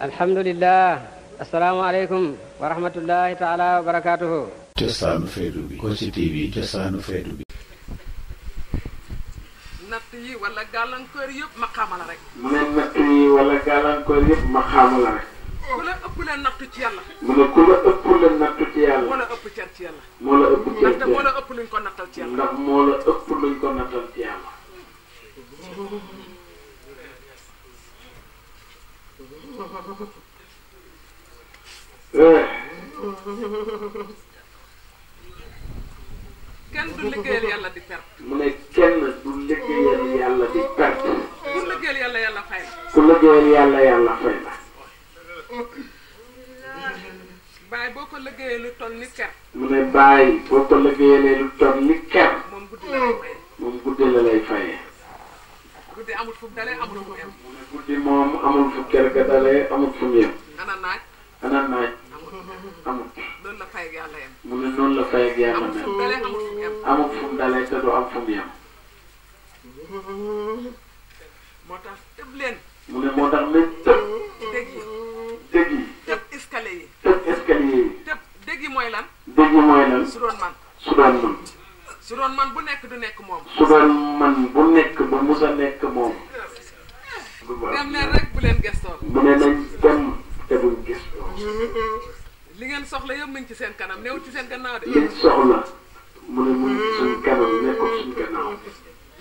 alhamdulilah asalaamaaleykum wa rahmatullahi taala wa barakaatuhu cosaanu feetu bi Kossy TV cosaanu feetu bi natt yi wala gàllankoor yëpp ma la rek mu ne natt yi wala gàllankoor yëpp ma la rek ci yàlla mu ne ku la ëpp leen ci kenn du liggéeyal yàlla di perte. mu ne kenn du liggéeyal yàlla di perte. ku liggéeyal yàlla yàlla fay na. ku liggéeyal yàlla yàlla fay na. baay boo ko liggéeyee lu toll ni ker. mu ne baay boo ko liggéeyee lu toll ni ker. moom guddi la lay fayee. moom amul fu mu dalee amul fu mu yem. guddi moom amul fu kër ga dalee amul fu mu yem. ana naaj. ana naaj. amul. loolu la fay ak yàlla yem. mu ne noonu te du am fu mu moo tax tëb leen. mu ne moo tax nañ tëb. dégg yi dégg yi. tëb escalier yi. tëb escalier yi. lan. dégg yi lan. su man su man. su doon man bu nekk du nekk moom. su doon man bu nekk du mus a nekk moom. dem leen bu mu ne nañ dem te buñ gëstoo. li ngeen soxla yëpp mu ngi ci seen kanam néew ci seen gannaaw de. li soxla mu ne mu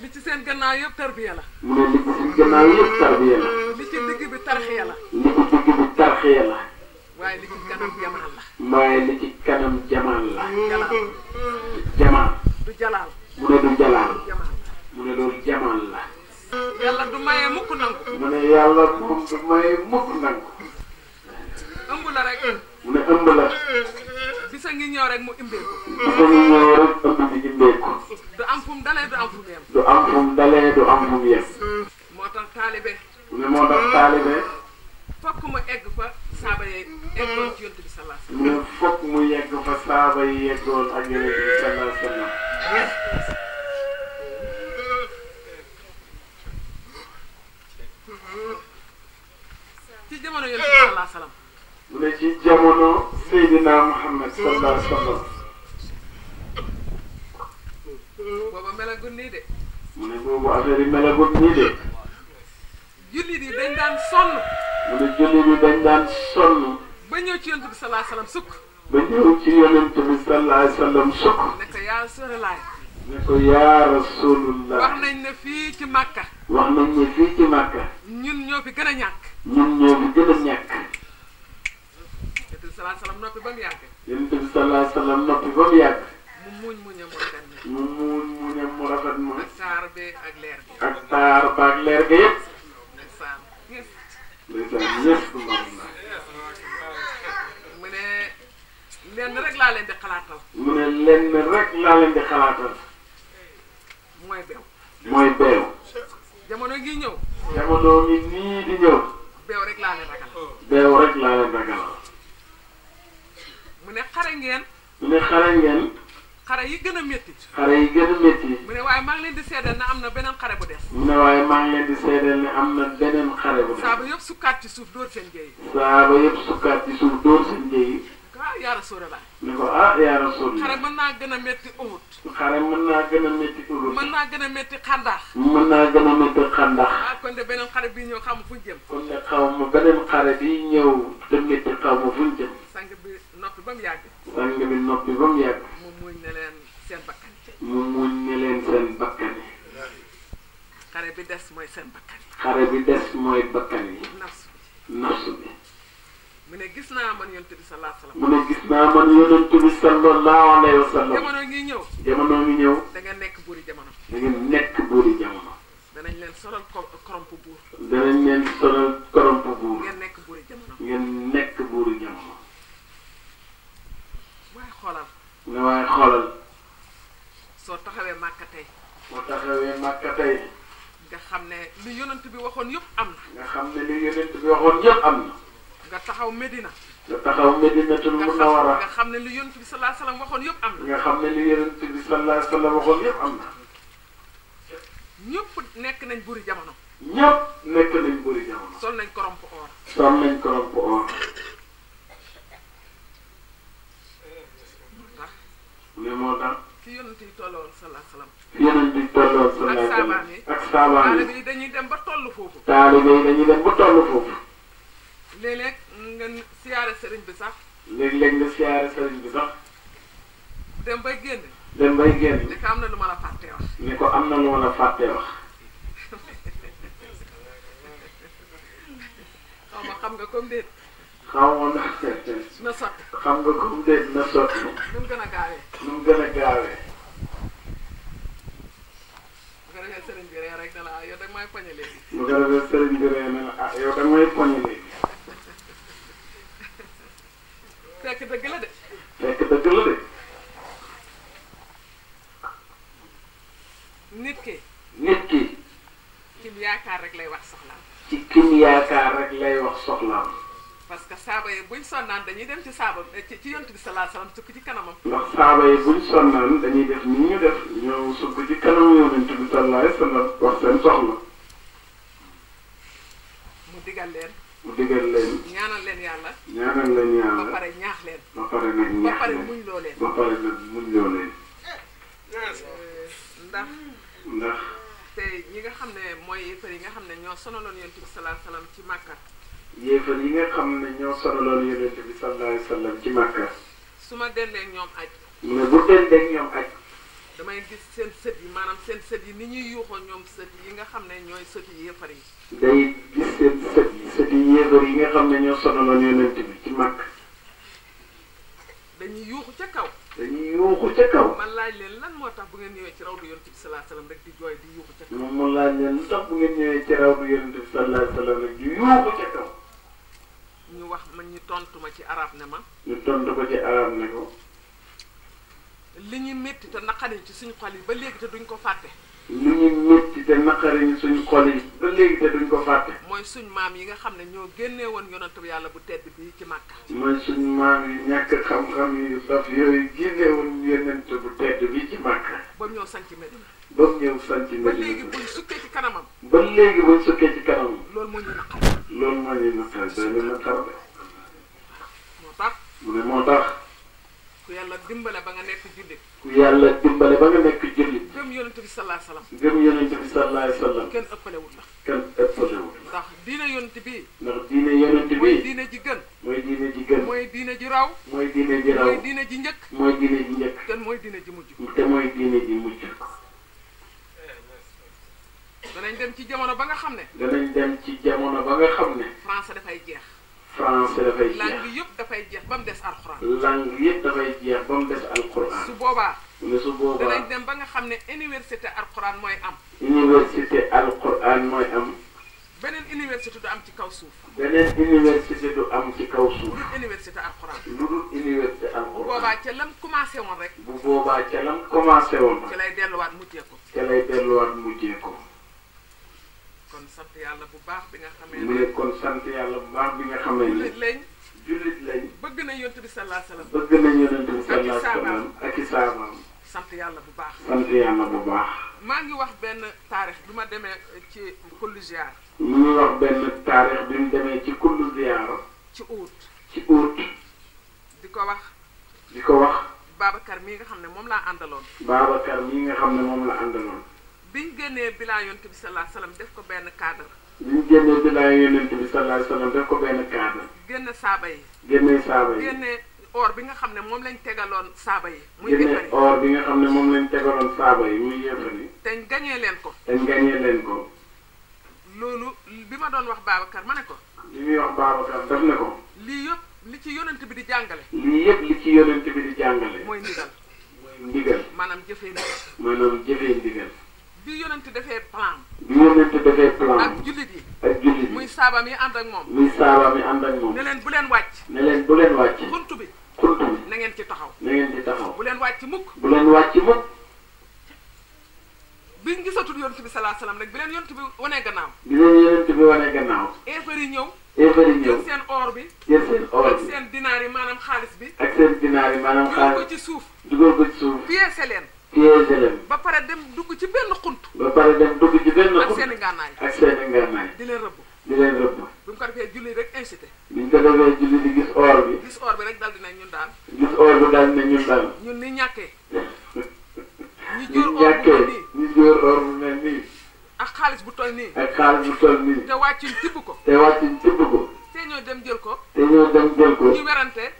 li ci seen gannaaw yëpp tarbiya la. mu ne li ci seen gannaaw yëpp tarbiya la. li ci digg bi tarxiya la. li ci digg bi tarxiya la. waaye li ci kanam jamaal la. waaye li ci kanam jamaal la. du jalaal mu ne du jalaal mu ne loolu jamaal la yàlla du maye mukk nangu mu ne yàlla moom du maye mukk nangu ëmb la rek mu ne ëmb la bisa ngi ñëw rek mu imbeeku bisa ngi ñëw rek ëmb bi imbeeku du am fu dalee du am fu dalee du am fu yem moo tax taalibe mu ne moo tax taalibe fokk mu egg fa saaba yi mu ne fokk mu yegg fa saaba yi eggoon ak yonent bi dañ daan sonn mu ne julli bi dañ daan sonn ba ñëw ci yonent bi salaa salaam sukk ba ñëw ci yonent bi salaa salaam sukk ne ko yaa rasulullah ne ko yaa rasulullah wax nañ ne fii ci màkka wax nañ ne fii ci màkka ñun ñoo fi gën a ñàkk ñun ñoo fi gën a ñàkk yonent bi salaa salaam noppi ba mu yàgg mu muñ muñam mu muñ muñam mu rafet mu ak taar bi ak leer bi ak taar ba ak leer ga yëpp jaam ñëpp man na mu ne lenn rek laa leen di xalaatal mu ne lenn rek laa leen di xalaatal mooy beew mooy beew jamono gi ñëw jamono gi nii di ñëw beew rek laa leen ragal beew rek laa leen ragal mu ne xare ngeen mu ne xare ngeen xare yi gën a métti xare yi gën a métti waaye maa ngi leen di seedeel ne am na beneen xare bu des. mu ne waaye maa ngi leen di seedeel ne am na beneen xare bu des. saaba yëpp sukkaat ci suuf dóor seen jéey. saaba yëpp sukkaat ci suuf dóor seen jéey. ah yaa rasulallah. ne ko ah yaa rasulallah. xare mën naa gën a métti Uhud. xare mën naa gën a métti Uhud. mën naa gën a métti xandax. mën naa gën a métti xandax. ah kon de beneen xare bii ñëw xaw ma fu ñu jëm. kon de xaw ma beneen xare bii ñëw te métti xaw ma fu ñu jëm. sang bi noppi ba mu yàgg. sang bi noppi ba bi des mooy seen bakkan yi. xare bi des mooy bakkan yi. nafs bi mu ne gis naa man yonent bi sallallahu alayhi wa sallam. mu ne gis naa man yonent bi sallallahu alayhi wa sallam. ngi ñëw. jamono ngi ñëw. da nga nekk buuri jamono. da nga nekk buuri jamono. danañ leen solal koromp buur. danañ leen solal koromp buur. ngeen nekk ngeen nekk buuri jamono. waaye xoolal. ne waaye xoolal. soo taxawee màkka tey. soo taxawee màkka tey. nga xam ne lu yonent bi waxoon yëpp am na. nga xam ne lu yonent bi waxoon yëpp am na. nga taxaw Medina. nga taxaw Medinatul Munawara. nga xam ne lu yonent bi waxoon yëpp am na. nga xam ne lu yonent bi sallallahu waxoon yëpp am na. ñëpp nekk nañ buri jamono. ñëpp nekk nañ buri jamono. sol nañ korompe or. sol nañ korompe or. fi yonent yi tolloon sallallahu alayhi wasallam yonent yi tolloon sallallahu alayhi wasallam ak saabaam yi taalibe dañuy dem ba toll foofu taalibe yi dañuy dem ba toll foofu léeg nga siyaare sëriñ bi sax léeg-léeg nga siyaare sëriñ bi sax dem bay génn dem bay génn ne ko am na lu ma la fàtte wax ne ko am na lu ma la wax xam nga comme déet xaw ma ndax seet xam nga comme dégg na sotti nu mu gën a gaawee nu mu gën a gaawee bu ko defee sëriñ bi ree rek ne la ah, yow da may poñe léegi bu ko defee sëriñ bi ree ne la ah yow da may poñe léegi fekk dëgg la de fekk dëgg la de nit ki nit ki kim yaakaar rek lay wax soxlaam ci kim yaakaar rek lay wax soxlaam parce que saaba yi buñ sonnaan dañuy dem ci saaba ci ci yonent bi sallallahu alayhi wa sallam sukk ci kanamam. ndax saaba yi buñ sonnaan dañuy def ni ñu def ñëw sukk ci kanamam yonent bi sallallahu alayhi mu digal leen. mu digal leen. ñaanal leen yàlla. ñaanal leen yàlla ba pare ñaax leen. ba pare nag ñaax leen muñ loo leen. pare nag muñ loo eh, ndax. ndax. te ñi nga xam ne mooy yëpp yi nga xam ne ñoo sonaloon yonent bi sallallahu alayhi ci Màkka. yéefar yi nga xam ne ñoo sonaloon yonent bi sallallahu alayhi ci Makka. su ma dendeeg ñoom aj. mu ne bu dendeeg ñoom aj. damay gis seen sët yi maanaam seen sët yi ni ñuy yuuxoo ñoom sët yi nga xam ne ñooy sët yi yéefar yi. day gis seen sët yi sët yi yéefar yi nga xam ne ñoo sonaloon yonent bi ci Makka. dañuy yuuxu ca kaw. dañuy yuuxu ca kaw. man laaj leen lan moo tax bu ngeen ñëwee ci rawdu yonent bi sallallahu alayhi wa sallam rek di jooy di yuuxu tax bu ngeen ñëwee yonent bi sallallahu alayhi rek di yuuxu ca kaw. ñu wax man ñu tontu ma ci araab ne ma. ñu tontu ko ci arab ne ko. li ñu métti te naqari ci suñu xol yi ba léegi te duñ ko fàtte. li ñu métti te naqari ñu suñu xol yi ba léegi te duñ ko fàtte. mooy suñ maam yi nga xam ne ñoo génnee woon yonent bi yàlla bu tedd bi ci Màkka. mooy suñ maam yi ñàkk xam-xam yi daf yooyu génnee woon bu tedd bi ci Màkka. ba mu ñëw sanc Medina. ba ñëw sanc Medina. ba léegi buñ sukkee ci kanamam. ba léegi buñ sukkee ci kanamam. loolu moo ñu naqari. loolu moo ñuy naqare day mel ne dara moo tax mu ne moo tax ku yàlla dimbale ba nga nekk jullit ku yàlla dimbale ba nga nekk jullit gëm yonent bi sallallahu alayhi wasallam gëm yonent bi sallallahu alayhi wasallam kenn ëppalewut la kenn ëppalewut la ndax diine yonent bi ndax diine yonent bi mooy diine ji gën mooy diine ji gën mooy diine ji raw mooy diine ji raw mooy diine ji njëkk mooy diine ji njëkk te mooy diine ji mujj te mooy diine ji mujj danañ dem ci jamono ba nga xam ne. danañ dem ci jamono ba nga xam ne. français dafay jeex. français dafay jeex langue yëpp dafay jeex ba mu des alxuraan. langue yëpp dafay jeex ba mu des alxuraan. su boobaa. ne su boobaa danañ dem ba nga xam ne université alxuraan mooy am. université alxuraan mooy am. beneen université du am ci kaw suuf. beneen université du am ci kaw suuf. lu dul université alxuraan. lu dul université alxuraan. bu boobaa ca lam commencé woon rek. bu boobaa ca lam commencé woon. ca lay delluwaat mujjee ko. ca lay delluwaat mujjee ko. kon sant bu baax bi nga xamee ne mu ne kon sant yàlla bu baax bi nga xamee ne jullit lañ jullit lañ bëgg na yonent bi la salaam bëgg na yonent bi salaa salaam ak i saabaam sant yàlla bu baax sant yàlla bu baax maa ngi wax benn taarix bi ma demee ci kullu ziar mu benn taarix bi demee ci kullu ziar ci ci uut di ko wax di ko wax Babacar nga xam ne moom laa àndaloon Babacar mii nga xam ne moom la àndaloon bi ñu génnee bilaa yonent bi sallallahu alayhi def ko benn cadre. bi ñu génnee bilaa yonent bi sallallahu alayhi def ko benn cadre. génne saaba yi. génne saaba yi génne or bi nga xam ne moom lañ tegaloon saaba yi. muy yéefari génne or bi nga xam ne moom lañ tegaloon saaba yi muy yéefari. te ñu gañee leen ko. te gañee leen ko. loolu bi ma doon wax Babacar ma ne ko. li muy wax Babacar def na ko. lii yëpp li ci yonent bi di jàngale. lii yëpp li ci yonent bi di jàngale. mooy ndigal. mooy maanaam jëfee ndigal. maanaam bi yonent defee plan. bi yonent defee plan. ak jullit yi. ak jullit yi muy saaba mi ànd ak moom. muy saaba mi ànd ak moom. ne bu leen wàcc. ne leen bu leen wàcc. xunt bi. xunt bi na ngeen ci taxaw. na ngeen ci taxaw. bu leen wàcc mukk. bu leen wàcc mukk. bi ñu gisatul yonent bi salaa salaam rek bi leen yonent bi wanee gannaaw. bi leen yonent bi wanee gannaaw. eefar yi ñëw. eefar yi ñëw jël seen or bi. jël seen or bi ak seen dinaar yi maanaam xaalis bi. ak seen dinaar yi maanaam ci suuf. dugal ko piégé leen. ba pare dem dugg ci benn xunt. ba pare dem dugg ci benn xunt. ak seen i ngànnaay. ak seen i ngànnaay. di leen rëbb. di leen rëbb. bu ñu ko defee julli rek incité. bi ñu ko defee julli di gis or bi. gis or bi rek dal dina ñun daal. gis or bi daal dina ñun daal. ñun ni ñàkkee. ñu jur or bu mel nii ñu jur or bu mel nii. ak xaalis bu toll nii. ak xaalis bu toll nii. te wàccuñ tibb ko. te wàccuñ tibb ko. te ñoo dem jël ko. te ñoo dem jël ko. ñu werante.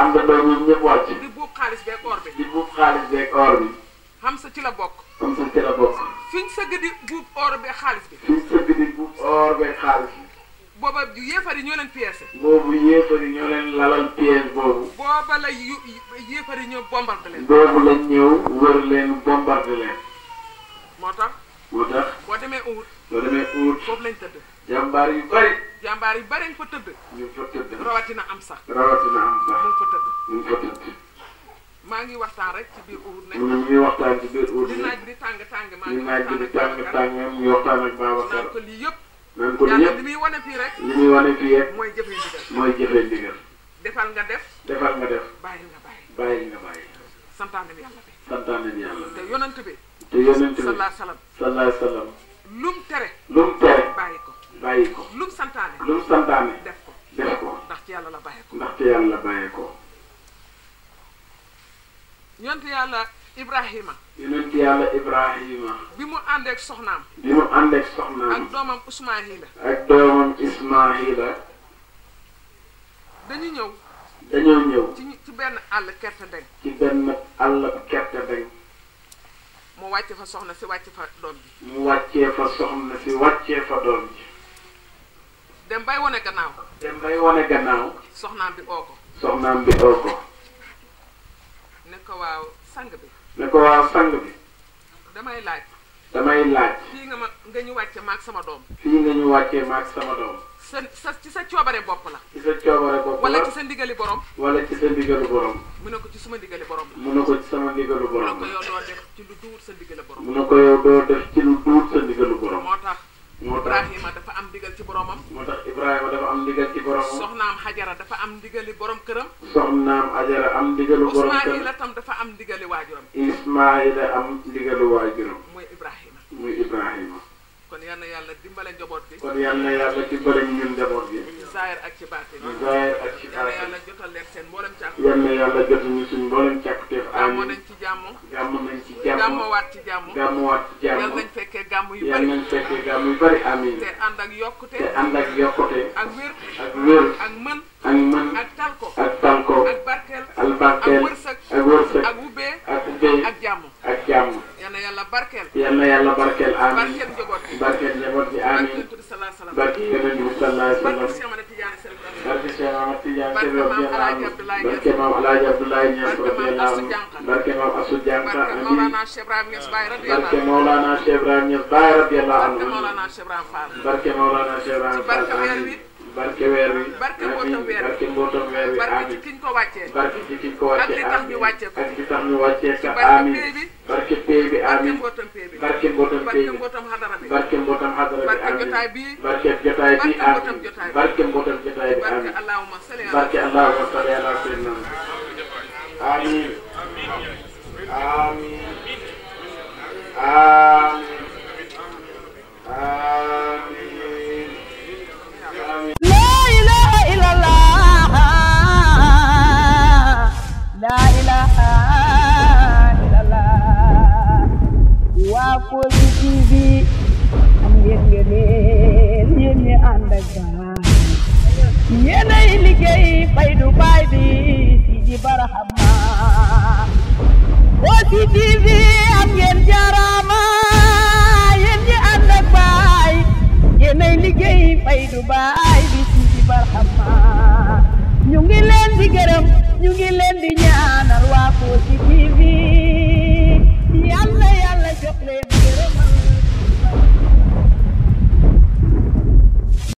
am na doom yi di buub xaalis beeg or bi. di buub xaalis beeg or bi. xam sa ci la bokk. xam sa ci la or beeg xaalis bi. fiñ sëgg di buub or beeg xaalis bi. booba yéefar yi ñoo leen pièce. boobu yéefar yi ñoo leen la yu yéefar yi ñëw bombardé leen. boobu lañ ñëw wër leen bombardé leen. moo tax. moo tax. boo demee Uhud. boo demee Uhud. foofu lañ tëdd. jàmbaar yu bari. jàmbaar yi bari fa tëdd. ñu fa tëdd. rawatina am sax. rawatina am sax maa ngi waxtaan rek ci biir Uhud ne. ñu ngi waxtaan ci biir Uhud ne. di naaj di tàng tàng maa ngi waxtaan ak Babacar di naaj di tàng waxtaan ak Babacar. ko lii yëpp. naan ko lii yëpp li muy wane fii rek. li muy wane fii rek. mooy jëfee ndigal. mooy defal nga def. defal nga def. bàyyi nga bàyyi. santaane bi yàlla bi. santaane bi yàlla bi. te yonent bi. te yonent bi. sallallahu alayhi wa sallam. sallallahu alayhi wa sallam. tere. bàyyi ko lu mu santaane lu santaane def ko def ko ndax ci yàlla la bàyyi ko ndax ci yàlla la bàyyi ko yonent yàlla Ibrahima yonent yàlla Ibrahima bi mu àndeek soxnaam bi mu àndeek soxnaam ak doomam Ismaahila ak doomam dañu ñëw dañoo ñëw ci benn àll kerte deñ ci benn àll kerte deñ mu wàcce fa soxna si wàcce fa doom ji mu wàccee fa soxna si wàccee fa doom ji dem bay wane gannaaw. dem bay wane gannaaw. soxnaam bi oo ko. soxnaam bi oo ko. ne ko waaw sang bi. ne ko waaw sang bi. damay laaj. damay laaj. fii nga ma nga ñu wàccee maag sama doom. fii nga ñu wàccee maag sama doom. sa sa ci sa coobare bopp la. ci sa coobare bopp la wala ci sa ndigali borom. wala ci sa ndigalu borom. mu ne ko ci suma ndigali borom la. mu ko ci sama ndigalu borom la. mu ko yow doo def ci lu duur sa ndigali borom. mu ne ko yow doo def ci lu duur sa ndigalu moo tax Ibrahima dafa am digal ci boromam. moo tax Ibrahima dafa am ndigal ci boromam. soxnaam Hajara dafa am ndigali borom këram. soxnaam Hajara am ndigalu borom këram. Ismaayila tam am ndigali am ndigalu waajuram. muy Ibrahima. muy Ibrahima. kon yal yàlla dimbale njaboot bi. kon yal na yàlla dimbale ñun njaboot bi. zaahir ak ci baatin. zaahir ak ci baatin. yal na yàlla jotal leen seen mboolem càkkuteef. yal na yàlla jotal ñu suñu mboolem càkkuteef. amiin jàmm nañ ci jàmm. jàmm nañ ci jàmm. jàmmawaat ci jàmm. jàmmawaat ci jàmm. fekkee gàmm yu bari yal nañ fekkee gàmm yu bari amiin. te ànd ak yokkute ak yokkute. ak wér ak wér. ak mën ak mën. ak talko ak talko. ak barkeel ak barkeel. ak wërsëg ak wërsëg. ak ubbee ak ubbee. ak jàmm ak jàmm. yal na yàlla barkeel. yal na yàlla barkeel amiin. barkeel njaboot bi barke Mawlana Cheikh Ibrahima Niass Baye radiyallahu anhu barke Mawlana Cheikh Ibrahima Niass Baye radiyallahu anhu barke Mawlana Cheikh Ibrahima Fall barke Mawlana Cheikh Ibrahima Fall barke weer wi barke weer wi barke mbootam weer wi barke mbootam weer wi barke ci kiñ ko wàccee barke ci kiñ ko wàccee ak li tax ñu wàccee ko ak li tax ñu wàccee ko amiin barke pay bi amiin barke mbootam pay bi barke mbootam pay bi barke mbootam xadara bi barke mbootam xadara bi barke jotaay bi barke jotaay bi amiin barke mbootam jotaay bi amiin barke allahumma salli ala sayyidina amiin Kossy TV am ngeen jaaraama yéen ñi ànd baay yéenay liggéey fay du baay bi ci barxama ñu ngi leen gërëm ñu ngi leen di ñaanal waa